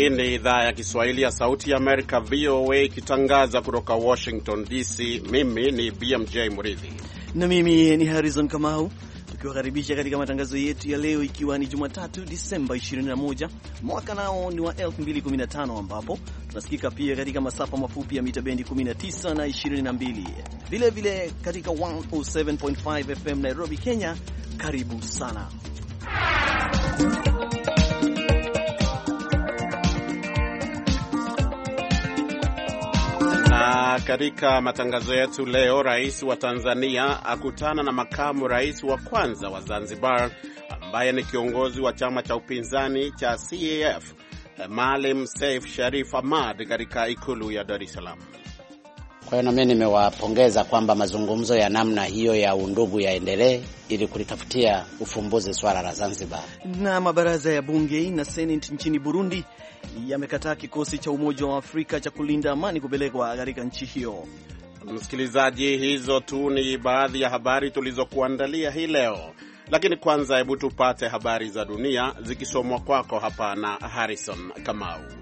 Hii ni idhaa ya Kiswahili ya Sauti ya Amerika, VOA, ikitangaza kutoka Washington DC. Mimi ni BMJ Mridhi na mimi ni Harrison Kamau, tukiwakaribisha katika matangazo yetu ya leo, ikiwa ni Jumatatu Disemba 21 mwaka nao ni wa 2015, ambapo tunasikika pia katika masafa mafupi ya mita bendi 19 na 22, vilevile katika 107.5 FM Nairobi, Kenya. Karibu sana Na katika matangazo yetu leo, rais wa Tanzania akutana na makamu rais wa kwanza wa Zanzibar ambaye ni kiongozi wa chama cha upinzani cha CAF Maalim saif Sharif Ahmad katika ikulu ya Dar es Salaam. Kwa hiyo nami nimewapongeza kwamba mazungumzo ya namna hiyo ya undugu yaendelee ili kulitafutia ufumbuzi swala la Zanzibar. Na mabaraza ya bunge na seneti nchini Burundi yamekataa kikosi cha Umoja wa Afrika cha kulinda amani kupelekwa katika nchi hiyo. Msikilizaji, hizo tu ni baadhi ya habari tulizokuandalia hii leo, lakini kwanza, hebu tupate habari za dunia zikisomwa kwako hapa na Harrison Kamau.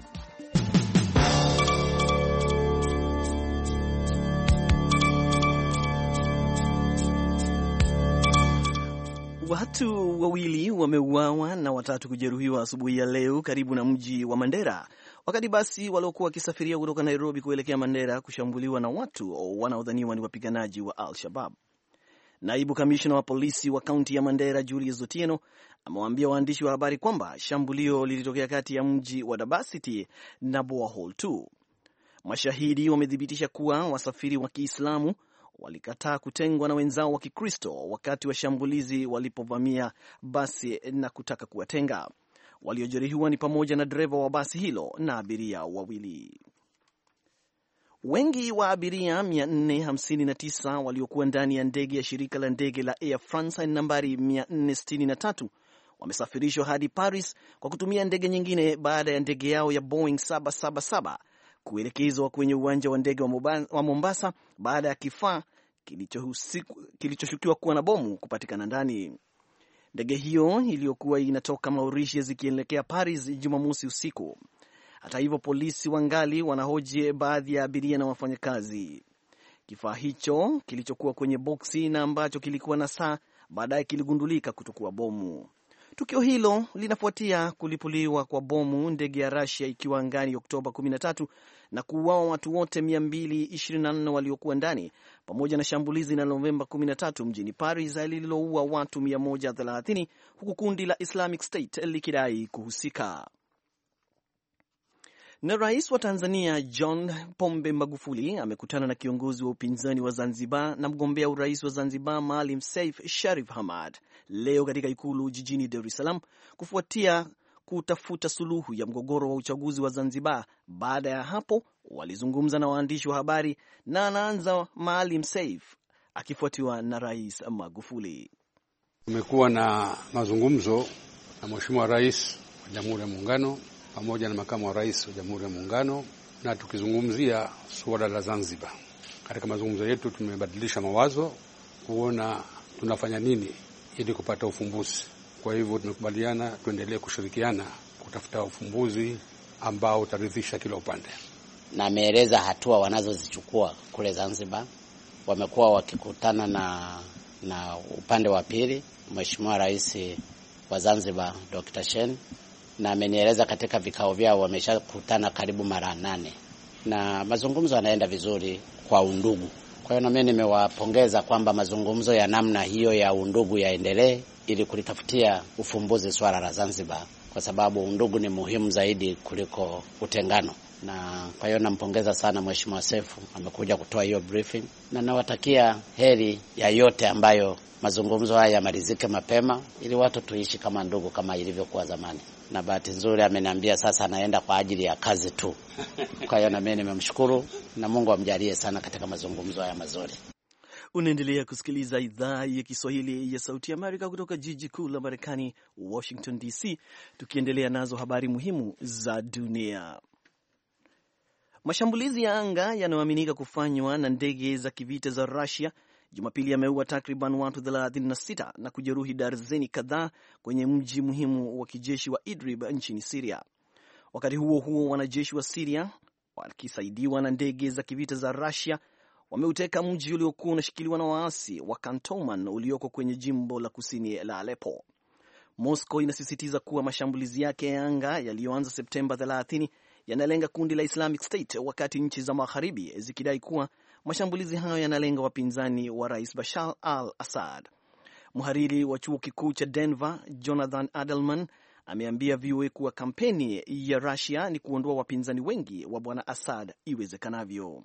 Watu wawili wameuawa na watatu kujeruhiwa asubuhi ya leo karibu na mji wa Mandera wakati basi waliokuwa wakisafiria kutoka Nairobi kuelekea Mandera kushambuliwa na watu wanaodhaniwa ni wapiganaji wa Al-Shabab. Naibu kamishna wa polisi wa kaunti ya Mandera Julius Otieno amewaambia waandishi wa habari kwamba shambulio lilitokea kati ya mji wa Dabasiti na Boahol 2. Mashahidi wamethibitisha kuwa wasafiri wa Kiislamu walikataa kutengwa na wenzao wa Kikristo wakati washambulizi walipovamia basi na kutaka kuwatenga. Waliojeruhiwa ni pamoja na dereva wa basi hilo na abiria wawili. Wengi wa abiria 459 waliokuwa ndani ya ndege ya shirika la ndege la Air France nambari 463 wamesafirishwa hadi Paris kwa kutumia ndege nyingine baada ya ndege yao ya Boeing 777 kuelekezwa kwenye uwanja wa ndege wa Mombasa baada ya kifaa kilichoshukiwa kuwa na bomu kupatikana ndani. Ndege hiyo iliyokuwa inatoka Mauritius zikielekea Paris Jumamosi usiku. Hata hivyo, polisi wangali wanahoji baadhi ya abiria na wafanyakazi. Kifaa hicho kilichokuwa kwenye boksi na ambacho kilikuwa na saa, baadaye kiligundulika kutokuwa bomu. Tukio hilo linafuatia kulipuliwa kwa bomu ndege ya Russia ikiwa angani Oktoba 1t na kuuawa watu wote 224 waliokuwa ndani pamoja na shambulizi la Novemba 13 mjini Paris lililoua watu 130 huku kundi la Islamic State likidai kuhusika. Na rais wa Tanzania John Pombe Magufuli amekutana na kiongozi wa upinzani wa Zanzibar na mgombea urais wa Zanzibar Maalim saif Sharif Hamad leo katika ikulu jijini Dar es Salaam kufuatia kutafuta suluhu ya mgogoro wa uchaguzi wa Zanzibar. Baada ya hapo, walizungumza na waandishi wa habari na anaanza Maalim Seif akifuatiwa na Rais Magufuli. Tumekuwa na mazungumzo na Mheshimiwa Rais wa Jamhuri ya Muungano pamoja na Makamu wa Rais wa Jamhuri ya Muungano, na tukizungumzia suala la Zanzibar. Katika mazungumzo yetu tumebadilisha mawazo kuona tunafanya nini ili kupata ufumbuzi kwa hivyo tumekubaliana tuendelee kushirikiana kutafuta ufumbuzi ambao utaridhisha kila upande. Na ameeleza hatua wanazozichukua kule Zanzibar, wamekuwa wakikutana na, na upande wa pili, Mheshimiwa Rais wa Zanzibar Dr. shen na amenieleza katika vikao vyao wameshakutana karibu mara nane na mazungumzo yanaenda vizuri kwa undugu. Kwa hiyo nami nimewapongeza kwamba mazungumzo ya namna hiyo ya undugu yaendelee ili kulitafutia ufumbuzi swala la Zanzibar, kwa sababu undugu ni muhimu zaidi kuliko utengano na kwa hiyo nampongeza sana Mheshimiwa Sefu amekuja kutoa hiyo briefing, na nawatakia heri ya yote ambayo mazungumzo haya yamalizike mapema, ili watu tuishi kama ndugu kama ilivyokuwa zamani. Na bahati nzuri ameniambia sasa anaenda kwa ajili ya kazi tu. Kwa hiyo na mimi nimemshukuru na Mungu amjalie sana katika mazungumzo haya mazuri. Unaendelea kusikiliza idhaa ya Kiswahili ya Sauti ya Amerika kutoka jiji kuu la Marekani, Washington DC, tukiendelea nazo habari muhimu za dunia. Mashambulizi ya anga yanayoaminika kufanywa na ndege za kivita za Rusia Jumapili yameua takriban watu 36 na kujeruhi darzeni kadhaa kwenye mji muhimu wa kijeshi wa Idlib nchini Siria. Wakati huo huo, wanajeshi wa Siria wakisaidiwa na ndege za kivita za Rusia wameuteka mji uliokuwa unashikiliwa na waasi wa Kantoman ulioko kwenye jimbo la kusini la Alepo. Moscow inasisitiza kuwa mashambulizi yake ya anga yaliyoanza Septemba yanalenga kundi la Islamic State, wakati nchi za magharibi zikidai kuwa mashambulizi hayo yanalenga wapinzani wa rais Bashar al Assad. Mhariri wa chuo kikuu cha Denver, Jonathan Adelman, ameambia VOA kuwa kampeni ya Rusia ni kuondoa wapinzani wengi wa bwana Assad iwezekanavyo.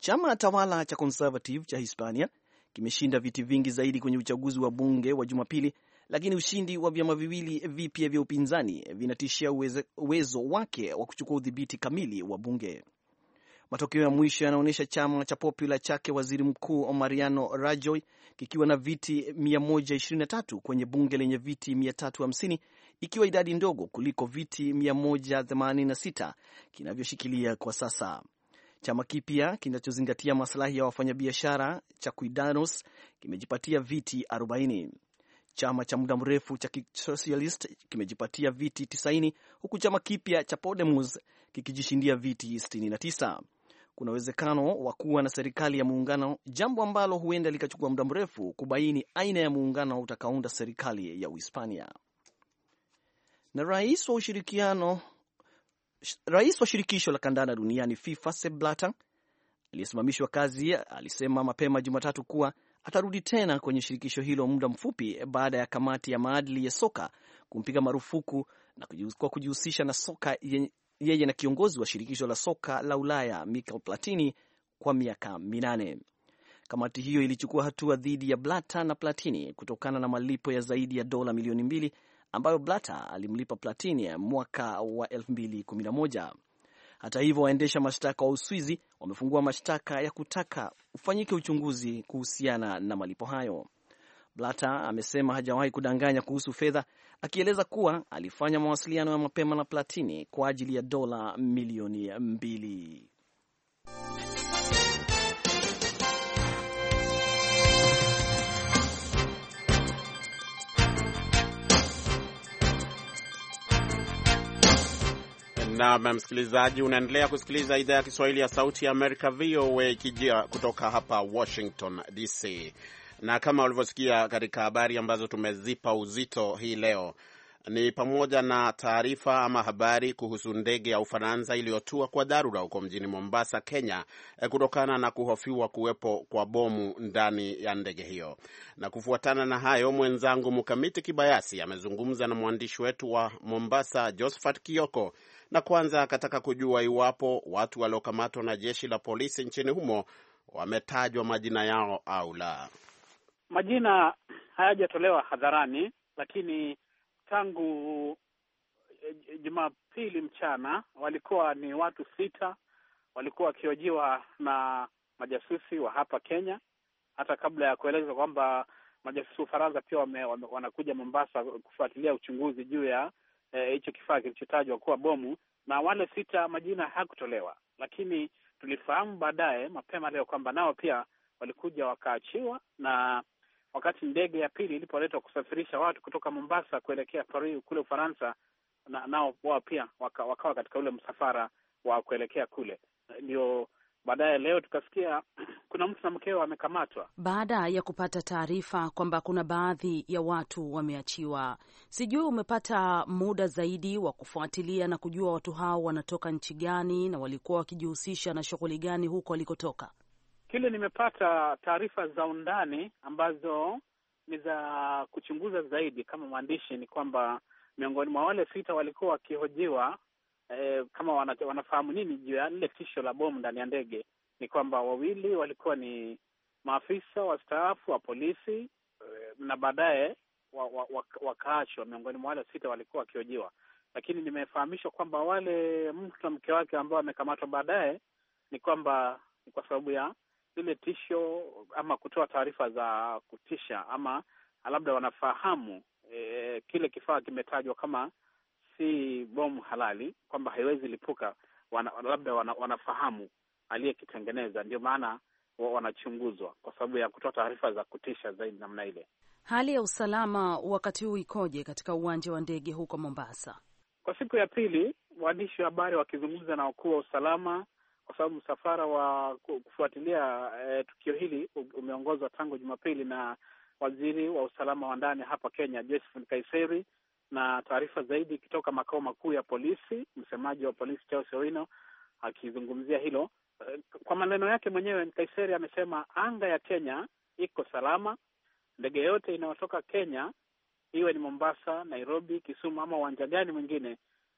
Chama tawala cha Conservative cha Hispania kimeshinda viti vingi zaidi kwenye uchaguzi wa bunge wa Jumapili lakini ushindi wa vyama viwili vipya vya upinzani vinatishia uwezo wake wa kuchukua udhibiti kamili wa bunge. Matokeo ya mwisho yanaonyesha chama cha Popular chake waziri mkuu Mariano Rajoy kikiwa na viti 123 kwenye bunge lenye viti 350, ikiwa idadi ndogo kuliko viti 186 kinavyoshikilia kwa sasa. Chama kipya kinachozingatia maslahi ya wafanyabiashara cha Cuidados kimejipatia viti 40. Chama cha muda mrefu cha Socialist kimejipatia viti 90 huku chama kipya cha Podemos kikijishindia viti 69. Kuna uwezekano wa kuwa na serikali ya muungano, jambo ambalo huenda likachukua muda mrefu kubaini aina ya muungano utakaunda serikali ya Uhispania. Na rais wa ushirikiano, rais wa shirikisho la kandanda duniani FIFA Sepp Blatter aliyesimamishwa kazi alisema mapema Jumatatu kuwa atarudi tena kwenye shirikisho hilo muda mfupi baada ya kamati ya maadili ya soka kumpiga marufuku na kwa kujihusisha na soka yeye na kiongozi wa shirikisho la soka la Ulaya Michel Platini kwa miaka minane. Kamati hiyo ilichukua hatua dhidi ya Blata na Platini kutokana na malipo ya zaidi ya dola milioni mbili ambayo Blata alimlipa Platini mwaka wa 2011. Hata hivyo, waendesha mashtaka wa Uswizi wamefungua mashtaka ya kutaka ufanyike uchunguzi kuhusiana na malipo hayo. blata amesema hajawahi kudanganya kuhusu fedha, akieleza kuwa alifanya mawasiliano ya mapema na Platini kwa ajili ya dola milioni mbili. Naam, msikilizaji, unaendelea kusikiliza idhaa ya Kiswahili ya Sauti ya Amerika, VOA, ikijia kutoka hapa Washington DC. Na kama ulivyosikia katika habari ambazo tumezipa uzito hii leo ni pamoja na taarifa ama habari kuhusu ndege ya Ufaransa iliyotua kwa dharura huko mjini Mombasa, Kenya, eh, kutokana na kuhofiwa kuwepo kwa bomu ndani ya ndege hiyo. Na kufuatana na hayo, mwenzangu Mkamiti Kibayasi amezungumza na mwandishi wetu wa Mombasa, Josephat Kioko, na kwanza akataka kujua iwapo watu waliokamatwa na jeshi la polisi nchini humo wametajwa majina yao au la. Majina hayajatolewa hadharani, lakini tangu e, e, Jumapili mchana walikuwa ni watu sita walikuwa wakiojiwa na majasusi wa hapa Kenya, hata kabla ya kuelezwa kwamba majasusi wa Ufaransa pia wame, wame, wanakuja Mombasa kufuatilia uchunguzi juu ya e, hicho eh, kifaa kilichotajwa kuwa bomu na wale sita majina hakutolewa, lakini tulifahamu baadaye mapema leo kwamba nao pia walikuja wakaachiwa, na wakati ndege ya pili ilipoletwa kusafirisha watu kutoka Mombasa kuelekea Paris kule Ufaransa, na nao wao pia wakawa waka katika ule msafara wa kuelekea kule, ndio Baadaye leo tukasikia kuna mtu na mkeo amekamatwa baada ya kupata taarifa kwamba kuna baadhi ya watu wameachiwa. Sijui umepata muda zaidi wa kufuatilia na kujua watu hao wanatoka nchi gani na walikuwa wakijihusisha na shughuli gani huko walikotoka? Kile nimepata taarifa za undani ambazo ni za kuchunguza zaidi kama mwandishi ni kwamba miongoni mwa wale sita walikuwa wakihojiwa eh, kama wana, wanafahamu nini juu ya lile tisho la bomu ndani ya ndege, ni kwamba wawili walikuwa ni maafisa wastaafu wa polisi eh, na baadaye wakaachwa wa, wa, wa miongoni mwa wale sita walikuwa wakiojiwa, lakini nimefahamishwa kwamba wale mtu na mke wake ambao wamekamatwa baadaye ni kwamba ni kwa sababu ya lile tisho ama kutoa taarifa za kutisha ama labda wanafahamu e, kile kifaa kimetajwa kama si bomu halali, kwamba haiwezi lipuka, wana, labda wana, wanafahamu aliyekitengeneza, ndio maana wanachunguzwa kwa sababu ya kutoa taarifa za kutisha zaidi namna ile. Hali ya usalama wakati huu ikoje katika uwanja wa ndege huko Mombasa? Kwa siku ya pili, waandishi wa habari wakizungumza na wakuu wa usalama, kwa sababu msafara wa kufuatilia e, tukio hili umeongozwa tangu Jumapili na waziri wa usalama wa ndani hapa Kenya, Josephine Kaiseri na taarifa zaidi kutoka makao makuu ya polisi, msemaji wa polisi Charles Owino akizungumzia hilo eh, kwa maneno yake mwenyewe, Nkaiseri amesema anga ya Kenya iko salama. Ndege yote inayotoka Kenya, iwe ni Mombasa, Nairobi, Kisumu ama uwanja gani mwingine,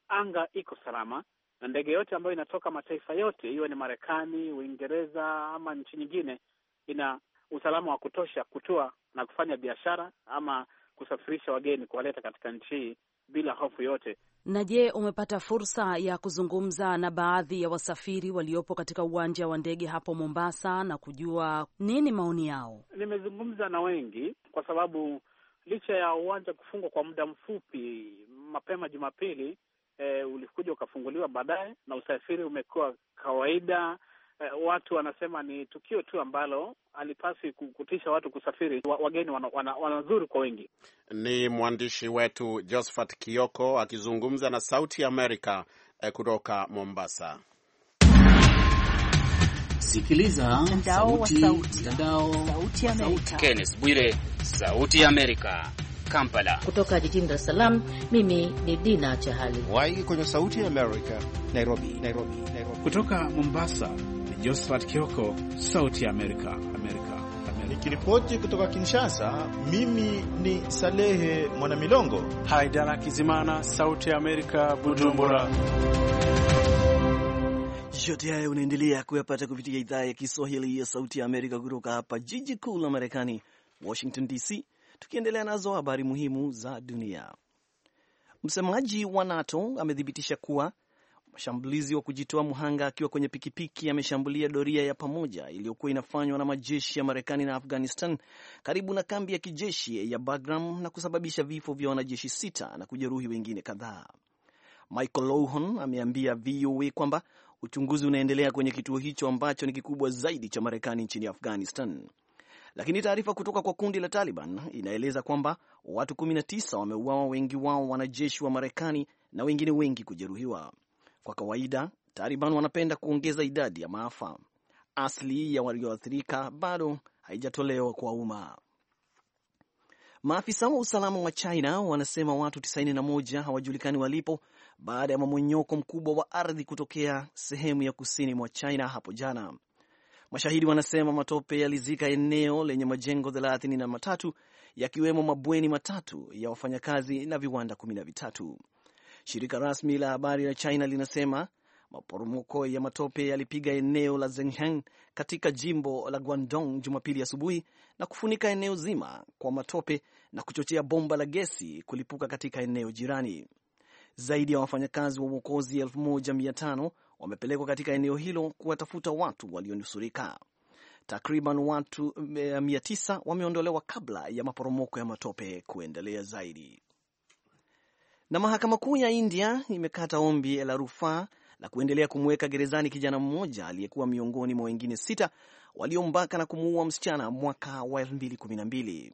anga iko salama, na ndege yote ambayo inatoka mataifa yote, iwe ni Marekani, Uingereza ama nchi nyingine, ina usalama wa kutosha kutua na kufanya biashara ama kusafirisha wageni kuwaleta katika nchi hii bila hofu yote. Na je, umepata fursa ya kuzungumza na baadhi ya wasafiri waliopo katika uwanja wa ndege hapo Mombasa na kujua nini maoni yao? Nimezungumza na wengi kwa sababu licha ya uwanja kufungwa kwa muda mfupi mapema Jumapili, e, ulikuja ukafunguliwa baadaye na usafiri umekuwa kawaida eh, watu wanasema ni tukio tu ambalo alipaswi kutisha watu kusafiri. Wageni wanazuri wana, wana kwa wingi. Ni mwandishi wetu Josephat Kioko akizungumza na Sauti Amerika eh, kutoka Mombasa. Sikiliza mtandao wa sauti, Kenneth Bwire, Sauti ya Amerika, Kampala. Kutoka jijini Dar es Salaam, mimi ni Dina Chahali Wai kwenye Sauti ya Amerika, Nairobi, Nairobi, Nairobi. Kutoka Mombasa Josephat Kioko, Sauti ya Amerika, Amerika. Nikiripoti kutoka Kinshasa, mimi ni Salehe Mwanamilongo. Haidara Kizimana, Sauti ya Amerika, Bujumbura. Yote haya unaendelea kuyapata kupitia idhaa ya Kiswahili ya Sauti ya Amerika kutoka hapa jiji kuu la Marekani, Washington DC, tukiendelea nazo habari muhimu za dunia. Msemaji wa NATO amethibitisha kuwa Mashambulizi wa kujitoa mhanga akiwa kwenye pikipiki ameshambulia doria ya pamoja iliyokuwa inafanywa na majeshi ya Marekani na Afghanistan karibu na kambi ya kijeshi ya Bagram na kusababisha vifo vya wanajeshi sita na kujeruhi wengine kadhaa. Michael Loughon ameambia VOA kwamba uchunguzi unaendelea kwenye kituo hicho ambacho ni kikubwa zaidi cha Marekani nchini Afghanistan. Lakini taarifa kutoka kwa kundi la Taliban inaeleza kwamba watu 19 wameuawa, wengi wao wanajeshi wa Marekani na wengine wengi kujeruhiwa. Kwa kawaida, Taliban wanapenda kuongeza idadi ya maafa. Asili ya walioathirika bado haijatolewa kwa umma. Maafisa wa usalama wa China wanasema watu 91 hawajulikani walipo baada ya mamonyoko mkubwa wa ardhi kutokea sehemu ya kusini mwa China hapo jana. Mashahidi wanasema matope yalizika eneo lenye majengo 33 yakiwemo mabweni matatu ya wafanyakazi na viwanda kumi na vitatu. Shirika rasmi la habari la China linasema maporomoko ya matope yalipiga eneo la Zhenjiang katika jimbo la Guangdong Jumapili asubuhi na kufunika eneo zima kwa matope na kuchochea bomba la gesi kulipuka katika eneo jirani. Zaidi ya wafanyakazi wa uokozi 1500 wamepelekwa katika eneo hilo kuwatafuta watu walionusurika. Takriban watu 900 eh, wameondolewa kabla ya maporomoko ya matope kuendelea zaidi. Na mahakama kuu ya India imekata ombi la rufaa la kuendelea kumweka gerezani kijana mmoja aliyekuwa miongoni mwa wengine sita waliombaka na kumuua msichana mwaka wa 2012.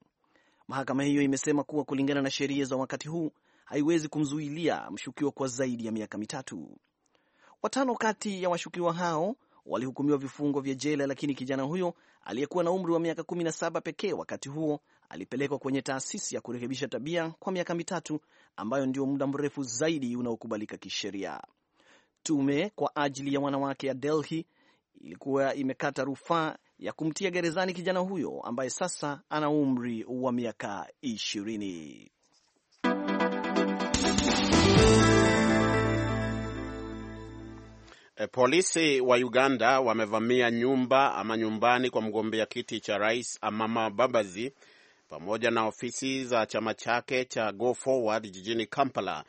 Mahakama hiyo imesema kuwa kulingana na sheria za wakati huu haiwezi kumzuilia mshukiwa kwa zaidi ya miaka mitatu. Watano kati ya washukiwa hao walihukumiwa vifungo vya jela, lakini kijana huyo aliyekuwa na umri wa miaka 17 pekee wakati huo alipelekwa kwenye taasisi ya kurekebisha tabia kwa miaka mitatu, ambayo ndio muda mrefu zaidi unaokubalika kisheria. Tume kwa ajili ya wanawake ya Delhi ilikuwa imekata rufaa ya kumtia gerezani kijana huyo ambaye sasa ana umri wa miaka ishirini. E, polisi wa Uganda wamevamia nyumba ama nyumbani kwa mgombea kiti cha rais Amama Babazi pamoja na ofisi za chama chake cha Go Forward jijini Kampala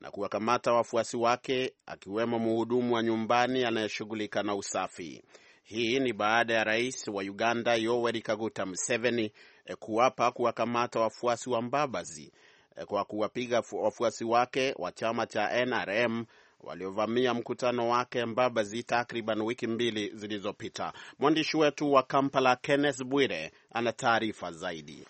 na kuwakamata wafuasi wake akiwemo mhudumu wa nyumbani anayeshughulika na usafi. Hii ni baada ya rais wa Uganda Yoweri Kaguta Museveni eh, kuapa kuwakamata wafuasi wa Mbabazi eh, kwa kuwapiga wafuasi wake wa chama cha NRM waliovamia mkutano wake Mbabazi takriban wiki mbili zilizopita. Mwandishi wetu wa Kampala, Kenneth Bwire, ana taarifa zaidi.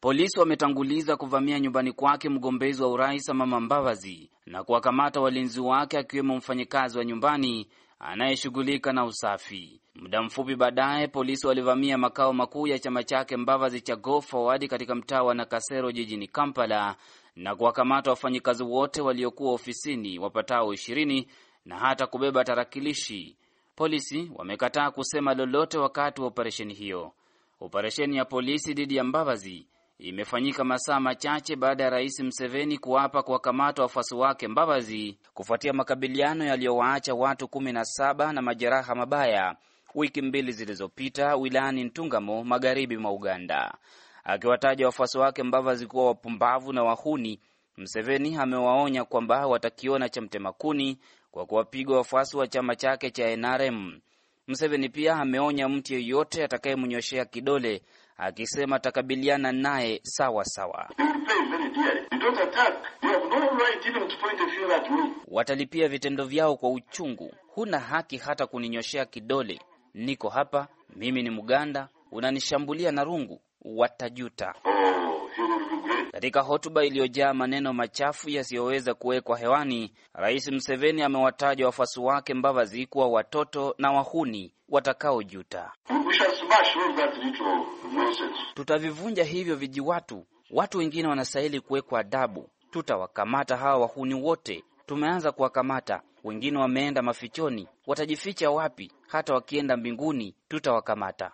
Polisi wametanguliza kuvamia nyumbani kwake mgombezi wa urais Amama Mbabazi na kuwakamata walinzi wake akiwemo mfanyikazi wa nyumbani anayeshughulika na usafi. Muda mfupi baadaye, polisi walivamia makao makuu ya chama chake Mbabazi cha Go Forward katika mtaa wa Nakasero jijini Kampala na kuwakamata wafanyikazi wote waliokuwa ofisini wapatao ishirini na hata kubeba tarakilishi. Polisi wamekataa kusema lolote wakati wa operesheni hiyo. Operesheni ya polisi dhidi ya Mbabazi imefanyika masaa machache baada ya Rais Mseveni kuapa kuwakamata wafuasi wake Mbabazi kufuatia makabiliano yaliyowaacha watu 17 na na majeraha mabaya wiki mbili zilizopita wilayani Ntungamo, magharibi mwa Uganda akiwataja wafuasi wake Mbavazi kuwa wapumbavu na wahuni. Mseveni amewaonya kwamba watakiona cha mtemakuni kwa kuwapiga wafuasi wa chama chake cha NRM. Mseveni pia ameonya mtu yeyote atakayemnyoshea kidole, akisema atakabiliana naye sawa sawa. Watalipia vitendo vyao kwa uchungu. Huna haki hata kuninyoshea kidole. Niko hapa, mimi ni muganda unanishambulia na rungu watajuta. Katika hotuba iliyojaa maneno machafu yasiyoweza kuwekwa hewani, Rais Museveni amewataja wafuasi wake Mbavazi kuwa watoto na wahuni watakaojuta. Tutavivunja hivyo viji watu. Watu wengine wanastahili kuwekwa adabu. Tutawakamata hawa wahuni wote. Tumeanza kuwakamata, wengine wameenda mafichoni. Watajificha wapi? Hata wakienda mbinguni, tutawakamata.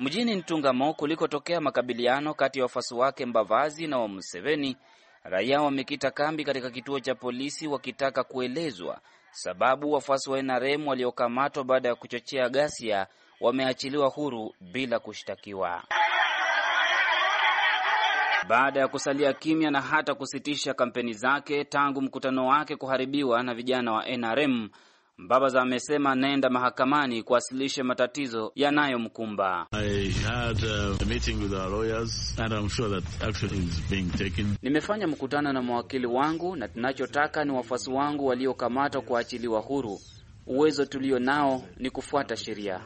mjini Ntungamo kulikotokea makabiliano kati ya wafuasi wake Mbavazi na wa Museveni. Raia wamekita kambi katika kituo cha polisi wakitaka kuelezwa sababu wafuasi wa NRM waliokamatwa baada ya kuchochea ghasia wameachiliwa huru bila kushtakiwa. Baada ya kusalia kimya na hata kusitisha kampeni zake tangu mkutano wake kuharibiwa na vijana wa NRM, Mbabaza amesema anaenda mahakamani kuwasilisha matatizo yanayomkumba. Uh, Nimefanya mkutano na mawakili wangu na tunachotaka ni wafuasi wangu waliokamatwa kuachiliwa huru. Uwezo tulio nao ni kufuata sheria.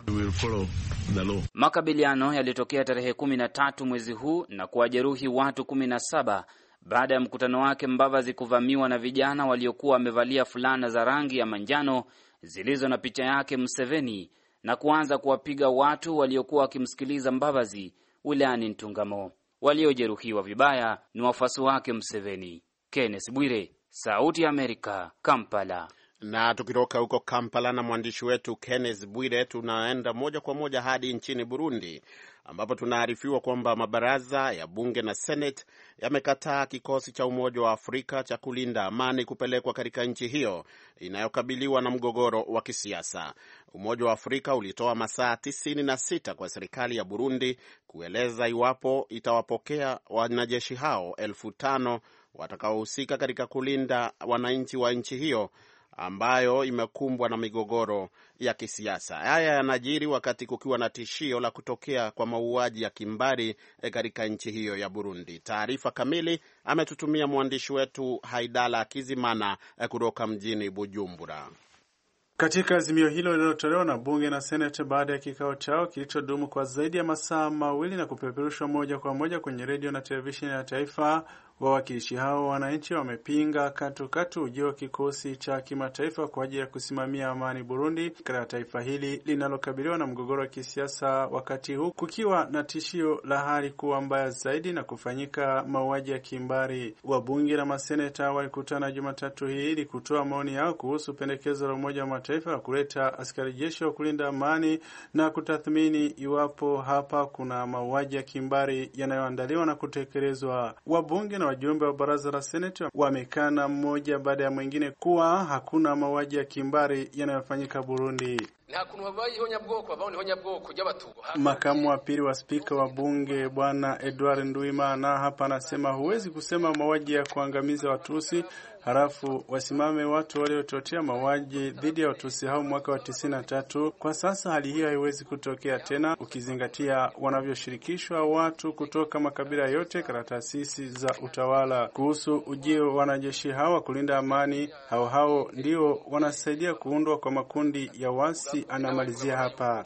Makabiliano yalitokea tarehe 13 mwezi huu na kuwajeruhi watu 17 baada ya mkutano wake Mbavazi kuvamiwa na vijana waliokuwa wamevalia fulana za rangi ya manjano zilizo na picha yake Museveni na kuanza kuwapiga watu waliokuwa wakimsikiliza Mbavazi wilayani Ntungamo. Waliojeruhiwa vibaya ni wafuasi wake Museveni. Kenneth Bwire, Sauti ya Amerika, Kampala. Na tukitoka huko Kampala na mwandishi wetu Kenneth Bwire, tunaenda moja kwa moja hadi nchini Burundi ambapo tunaarifiwa kwamba mabaraza ya bunge na Senate yamekataa kikosi cha Umoja wa Afrika cha kulinda amani kupelekwa katika nchi hiyo inayokabiliwa na mgogoro wa kisiasa. Umoja wa Afrika ulitoa masaa 96 kwa serikali ya Burundi kueleza iwapo itawapokea wanajeshi hao elfu tano watakaohusika katika kulinda wananchi wa nchi hiyo ambayo imekumbwa na migogoro ya kisiasa. Haya yanajiri wakati kukiwa na tishio la kutokea kwa mauaji ya kimbari eh, katika nchi hiyo ya Burundi. Taarifa kamili ametutumia mwandishi wetu Haidala Kizimana eh, kutoka mjini Bujumbura. Katika azimio hilo lililotolewa na bunge na seneti baada ya kikao chao kilichodumu kwa zaidi ya masaa mawili na kupeperushwa moja kwa moja kwenye redio na televisheni ya taifa, Wawakilishi hao wananchi wamepinga katukatu ujio wa kikosi cha kimataifa kwa ajili ya kusimamia amani Burundi, katika taifa hili linalokabiliwa na mgogoro wa kisiasa, wakati huu kukiwa na tishio la hali kuwa mbaya zaidi na kufanyika mauaji ya kimbari. Wabunge na maseneta walikutana Jumatatu hii ili kutoa maoni yao kuhusu pendekezo la Umoja wa Mataifa ya kuleta askari jeshi wa kulinda amani na kutathmini iwapo hapa kuna mauaji ya kimbari yanayoandaliwa na kutekelezwa. Wabunge na wajumbe wa baraza la seneti wamekana mmoja baada ya mwingine kuwa hakuna mauaji ya kimbari yanayofanyika Burundi. Makamu wa pili wa spika wa bunge bwana Edward Nduimana hapa anasema huwezi kusema mauaji ya kuangamiza Watusi halafu wasimame watu waliochochea mauaji dhidi ya Watusi hao mwaka wa tisini na tatu. Kwa sasa hali hiyo haiwezi kutokea tena, ukizingatia wanavyoshirikishwa watu kutoka makabila yote katika taasisi za utawala. Kuhusu ujio wa wanajeshi hawa kulinda amani, hao hao ndio wanasaidia kuundwa kwa makundi ya wasi anamalizia hapa.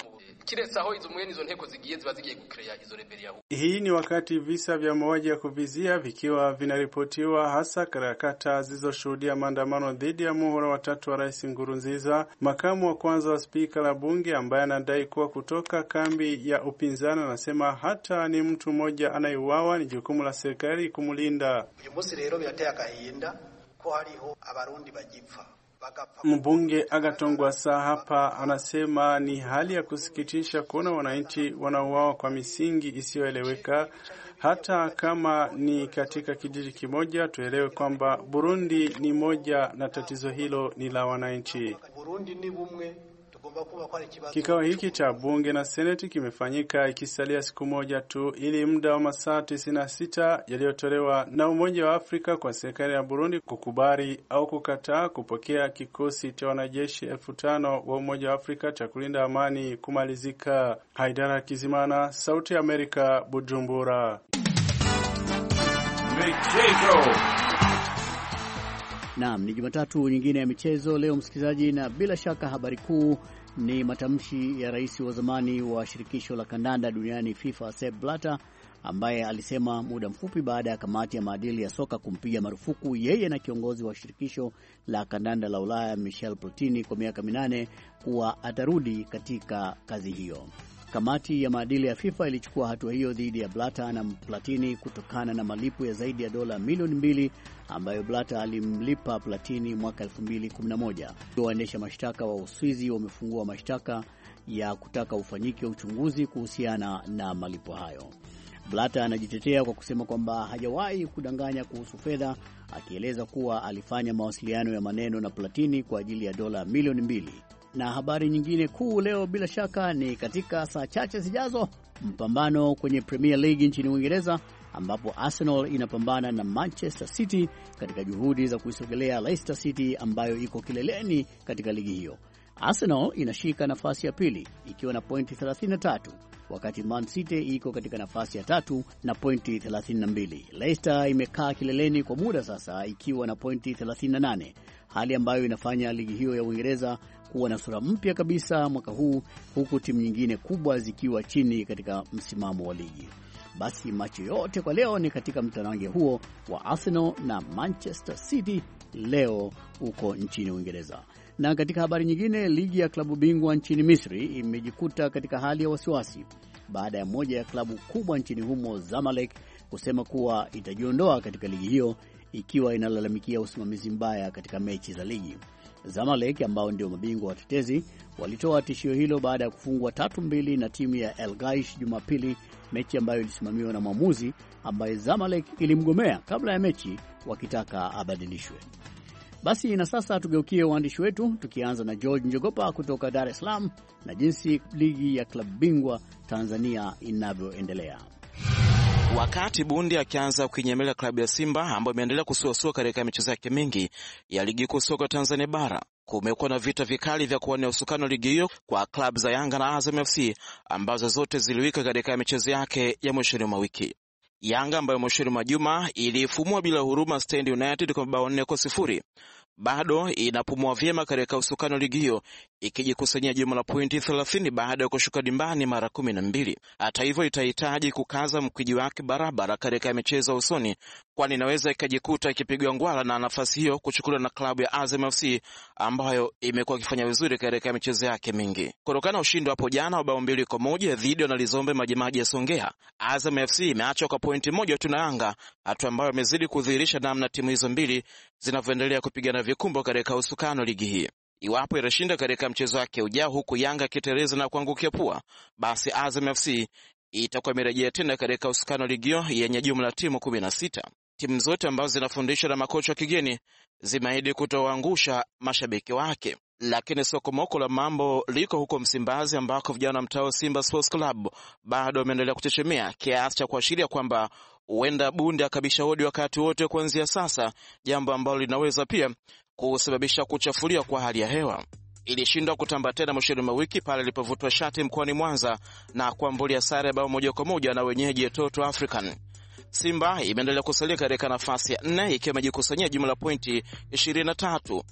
Hii ni wakati visa vya mauaji ya kuvizia vikiwa vinaripotiwa hasa katika kata zilizoshuhudia maandamano dhidi ya muhula watatu wa Rais Ngurunziza, makamu wa kwanza wa spika la bunge ambaye anadai kuwa kutoka kambi ya upinzani. Anasema hata ni mtu mmoja anayeuawa, ni jukumu la serikali kumulinda. uyu munsi rero birateye agahinda ko hariho abarundi Mbunge Agathon Rwasa hapa anasema ni hali ya kusikitisha kuona wananchi wanauawa kwa misingi isiyoeleweka. Hata kama ni katika kijiji kimoja, tuelewe kwamba Burundi ni moja na tatizo hilo ni la wananchi. Kikao hiki cha bunge na seneti kimefanyika ikisalia siku moja tu ili muda wa masaa 96 yaliyotolewa na Umoja wa Afrika kwa serikali ya Burundi kukubali au kukataa kupokea kikosi cha wanajeshi elfu tano wa Umoja wa Afrika cha kulinda amani kumalizika. Haidara Kizimana, Sauti ya Amerika, Bujumbura. Michezo. Naam, ni Jumatatu nyingine ya michezo leo msikilizaji, na bila shaka habari kuu ni matamshi ya rais wa zamani wa shirikisho la kandanda duniani FIFA Sepp Blatter ambaye alisema muda mfupi baada ya kamati ya maadili ya soka kumpiga marufuku yeye na kiongozi wa shirikisho la kandanda la Ulaya Michel Platini kwa miaka minane kuwa atarudi katika kazi hiyo. Kamati ya maadili ya FIFA ilichukua hatua hiyo dhidi ya Blata na Platini kutokana na malipo ya zaidi ya dola milioni mbili ambayo Blata alimlipa Platini mwaka 2011. Waendesha mashtaka wa Uswizi wamefungua mashtaka ya kutaka ufanyike uchunguzi kuhusiana na malipo hayo. Blata anajitetea kwa kusema kwamba hajawahi kudanganya kuhusu fedha, akieleza kuwa alifanya mawasiliano ya maneno na Platini kwa ajili ya dola milioni mbili na habari nyingine kuu leo, bila shaka ni katika saa chache zijazo, mpambano kwenye Premier League nchini Uingereza ambapo Arsenal inapambana na Manchester City katika juhudi za kuisogelea Leicester City ambayo iko kileleni katika ligi hiyo. Arsenal inashika nafasi ya pili ikiwa na pointi 33 wakati Man City iko katika nafasi ya tatu na pointi 32. Leicester imekaa kileleni kwa muda sasa ikiwa na pointi 38, hali ambayo inafanya ligi hiyo ya Uingereza kuwa na sura mpya kabisa mwaka huu, huku timu nyingine kubwa zikiwa chini katika msimamo wa ligi. Basi macho yote kwa leo ni katika mtanange huo wa Arsenal na Manchester City leo huko nchini Uingereza. Na katika habari nyingine, ligi ya klabu bingwa nchini Misri imejikuta katika hali ya wasiwasi baada ya moja ya klabu kubwa nchini humo Zamalek kusema kuwa itajiondoa katika ligi hiyo ikiwa inalalamikia usimamizi mbaya katika mechi za ligi. Zamalek ambao ndio mabingwa watetezi walitoa tishio hilo baada ya kufungwa tatu mbili na timu ya El Gaish Jumapili, mechi ambayo ilisimamiwa na mwamuzi ambaye Zamalek ilimgomea kabla ya mechi wakitaka abadilishwe. Basi na sasa tugeukie waandishi wetu, tukianza na George Njogopa kutoka Dar es Salaam na jinsi ligi ya klabu bingwa Tanzania inavyoendelea. Wakati bundi akianza kuinyemelea klabu ya Simba ambayo imeendelea kusuasua katika michezo yake mingi ya ligi kuu soka Tanzania bara, kumekuwa na vita vikali vya kuwania usukani wa ligi hiyo kwa klabu za Yanga na Azam FC ambazo zote ziliwika katika michezo yake ya mwishoni mwa wiki. Yanga ambayo mwishoni mwa juma iliifumua bila huruma Stand United kwa mabao nne kwa sifuri bado inapumua vyema katika usukani wa ligi hiyo ikijikusanyia jumla la pointi 30 baada ya kushuka dimbani mara kumi na mbili. Hata hivyo, itahitaji kukaza mkwiji wake barabara katika michezo ya usoni, kwani inaweza ikajikuta ikipigwa ngwala na nafasi hiyo kuchukuliwa na klabu ya Azam FC ambayo imekuwa ikifanya vizuri katika michezo yake mingi. Kutokana na ushindi hapo jana wa bao mbili kwa moja dhidi ya Wanalizombe Majimaji ya Songea, Azam FC imeachwa kwa pointi moja tu na Yanga, hatua ambayo imezidi kudhihirisha namna timu hizo mbili zinavyoendelea kupigana vikumbo katika usukano ligi hii. Iwapo itashinda katika mchezo wake ujao, huku Yanga akiteleza na kuangukia pua, basi Azam FC itakuwa imerejea tena katika usukano ligi hiyo yenye jumla timu kumi na sita. Timu zote ambazo zinafundishwa na makocha wa kigeni zimeahidi kutowaangusha mashabiki wake, lakini sokomoko la mambo liko huko Msimbazi, ambako vijana wa mtao Simba Sports Club bado wameendelea kuchechemea kiasi cha kuashiria kwamba huenda Bunde akabisha hodi wakati wote kuanzia sasa, jambo ambalo linaweza pia kusababisha kuchafuliwa kwa hali ya hewa. Ilishindwa kutamba tena mwishoni mwa wiki pale ilipovutwa shati mkoani Mwanza na kuambulia sare ya bao moja kwa moja na wenyeji Etoto African. Simba imeendelea kusalia katika nafasi ya nne ikiwa imejikusanyia jumla pointi 23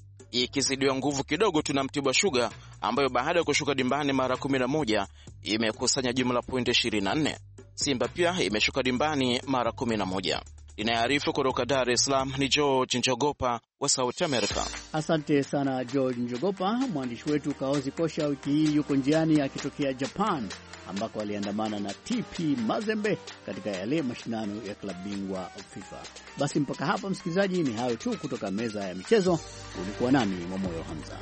ikizidiwa nguvu kidogo tu na Mtibwa Shuga ambayo baada ya kushuka dimbani mara 11 imekusanya jumla pointi 24. Simba pia imeshuka dimbani mara 11. Inayoarifu kutoka Dar es Salaam ni George Njogopa wa Sauti america Asante sana George Njogopa. Mwandishi wetu Kaozi Kosha wiki hii yuko njiani akitokea Japan ambako aliandamana na TP Mazembe katika yale mashindano ya klabu bingwa FIFA. Basi mpaka hapa, msikilizaji, ni hayo tu kutoka meza ya michezo. Ulikuwa nami Mwamoyo Hamza.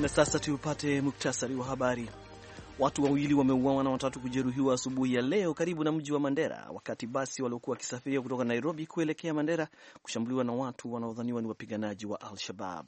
Na sasa tuupate muktasari wa habari. Watu wawili wameuawa na watatu kujeruhiwa asubuhi ya leo karibu na mji wa Mandera wakati basi waliokuwa wakisafiria kutoka Nairobi kuelekea Mandera kushambuliwa na watu wanaodhaniwa ni wapiganaji wa Al-Shabab.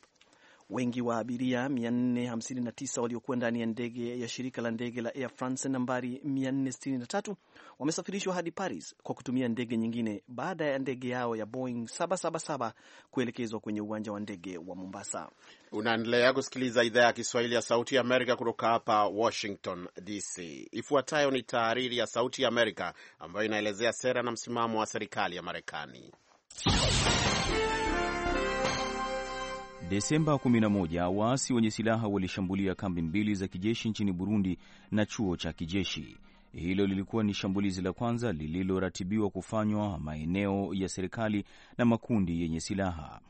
Wengi wa abiria 459 waliokuwa ndani ya ndege ya shirika la ndege la Air France nambari 463 wamesafirishwa hadi Paris kwa kutumia ndege nyingine baada ya ndege yao ya Boeing 777 kuelekezwa kwenye uwanja wa ndege wa Mombasa. Unaendelea kusikiliza idhaa ya Kiswahili ya Sauti ya Amerika kutoka hapa Washington DC. Ifuatayo ni tahariri ya Sauti ya Amerika ambayo inaelezea sera na msimamo wa serikali ya Marekani. Desemba 11 waasi wenye silaha walishambulia kambi mbili za kijeshi nchini Burundi na chuo cha kijeshi. Hilo lilikuwa ni shambulizi la kwanza lililoratibiwa kufanywa maeneo ya serikali na makundi yenye silaha.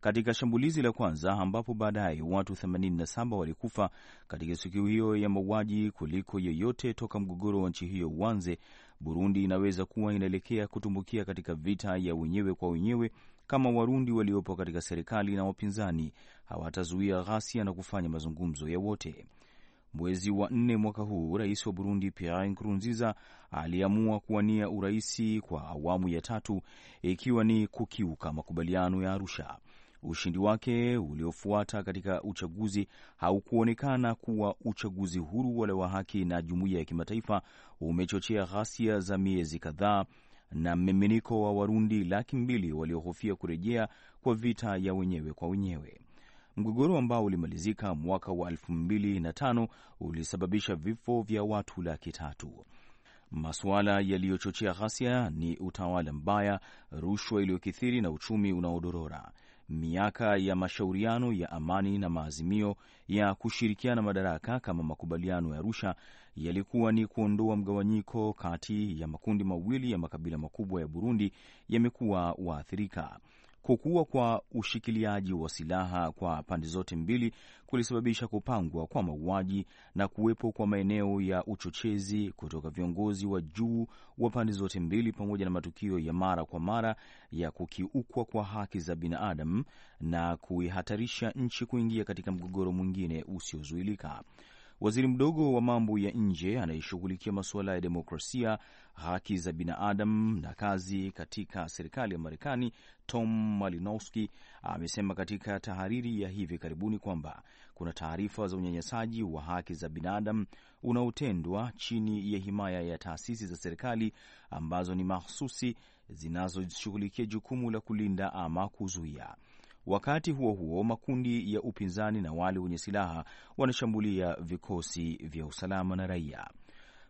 Katika shambulizi la kwanza ambapo baadaye watu 87 walikufa katika siku hiyo ya mauaji kuliko yeyote toka mgogoro wa nchi hiyo uanze, Burundi inaweza kuwa inaelekea kutumbukia katika vita ya wenyewe kwa wenyewe kama Warundi waliopo katika serikali na wapinzani hawatazuia ghasia na kufanya mazungumzo ya wote. Mwezi wa nne mwaka huu, rais wa Burundi Pierre Nkurunziza aliamua kuwania uraisi kwa awamu ya tatu, ikiwa ni kukiuka makubaliano ya Arusha. Ushindi wake uliofuata katika uchaguzi haukuonekana kuwa uchaguzi huru wala wa haki, na jumuiya ya kimataifa umechochea ghasia za miezi kadhaa na mmiminiko wa Warundi laki mbili waliohofia kurejea kwa vita ya wenyewe kwa wenyewe. Mgogoro ambao ulimalizika mwaka wa elfu mbili na tano ulisababisha vifo vya watu laki tatu. Masuala yaliyochochea ghasia ni utawala mbaya, rushwa iliyokithiri na uchumi unaodorora. Miaka ya mashauriano ya amani na maazimio ya kushirikiana madaraka kama makubaliano ya Arusha yalikuwa ni kuondoa mgawanyiko kati ya makundi mawili ya makabila makubwa ya Burundi yamekuwa waathirika. Kukua kwa ushikiliaji wa silaha kwa pande zote mbili kulisababisha kupangwa kwa mauaji na kuwepo kwa maeneo ya uchochezi kutoka viongozi wa juu wa pande zote mbili, pamoja na matukio ya mara kwa mara ya kukiukwa kwa haki za binadamu na kuihatarisha nchi kuingia katika mgogoro mwingine usiozuilika. Waziri mdogo wa mambo ya nje anayeshughulikia masuala ya demokrasia, haki za binadamu na kazi katika serikali ya Marekani, Tom Malinowski amesema katika tahariri ya hivi karibuni kwamba kuna taarifa za unyanyasaji wa haki za binadamu unaotendwa chini ya himaya ya taasisi za serikali ambazo ni mahsusi zinazoshughulikia jukumu la kulinda ama kuzuia Wakati huo huo, makundi ya upinzani na wale wenye silaha wanashambulia vikosi vya usalama na raia.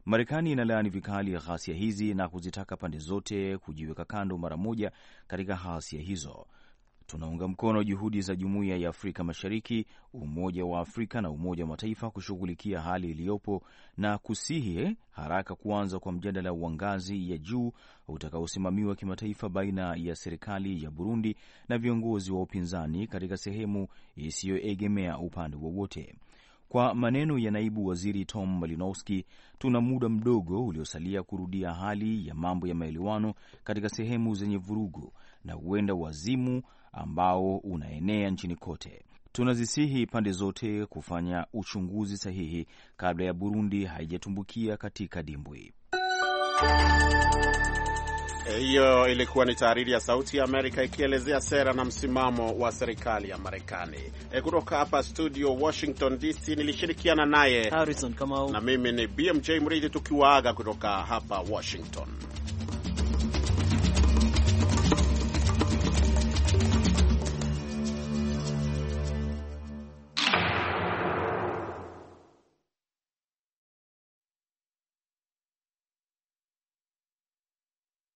Marekani inalaani vikali ghasia hizi na kuzitaka pande zote kujiweka kando mara moja katika ghasia hizo. Tunaunga mkono juhudi za Jumuiya ya Afrika Mashariki, Umoja wa Afrika na Umoja wa Mataifa kushughulikia hali iliyopo na kusihi haraka kuanza kwa mjadala wa ngazi ya juu utakaosimamiwa kimataifa baina ya serikali ya Burundi na viongozi wa upinzani katika sehemu isiyoegemea upande wowote. Kwa maneno ya naibu waziri Tom Malinowski, tuna muda mdogo uliosalia kurudia hali ya mambo ya maelewano katika sehemu zenye vurugu na huenda wazimu ambao unaenea nchini kote. Tunazisihi pande zote kufanya uchunguzi sahihi kabla ya Burundi haijatumbukia katika dimbwi. Hiyo ilikuwa ni tahariri ya Sauti ya Amerika ikielezea sera na msimamo wa serikali ya Marekani. E, kutoka hapa studio Washington DC nilishirikiana naye Harrison Kamau, na mimi ni BMJ Mridhi, tukiwaaga kutoka hapa Washington.